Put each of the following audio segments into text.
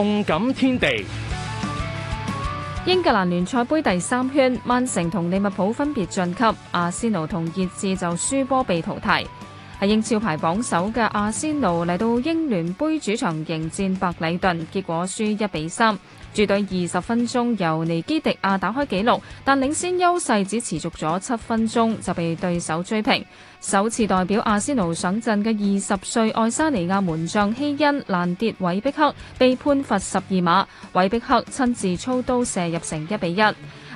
動感天地，英格蘭聯賽盃第三圈，曼城同利物浦分別晉級，阿仙奴同熱刺就輸波被淘汰。喺英超排榜首嘅阿仙奴嚟到英聯杯主場迎戰白禮頓，結果輸一比三。主隊二十分鐘由尼基迪亞打開紀錄，但領先優勢只持續咗七分鐘就被對手追平。首次代表阿仙奴上陣嘅二十歲愛沙尼亞門將希恩攔跌韋碧克，被判罰十二碼，韋碧克親自操刀射入成一比一。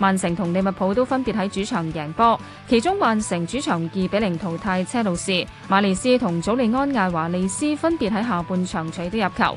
曼城同利物浦都分別喺主場贏波，其中曼城主場二比零淘汰車路士，馬利斯同祖利安艾華利斯分別喺下半場取得入球。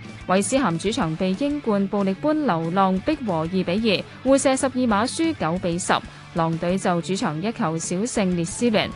韋斯咸主場被英冠布力般流浪逼和二比二，互射十二碼輸九比十，狼隊就主場一球小勝列斯聯。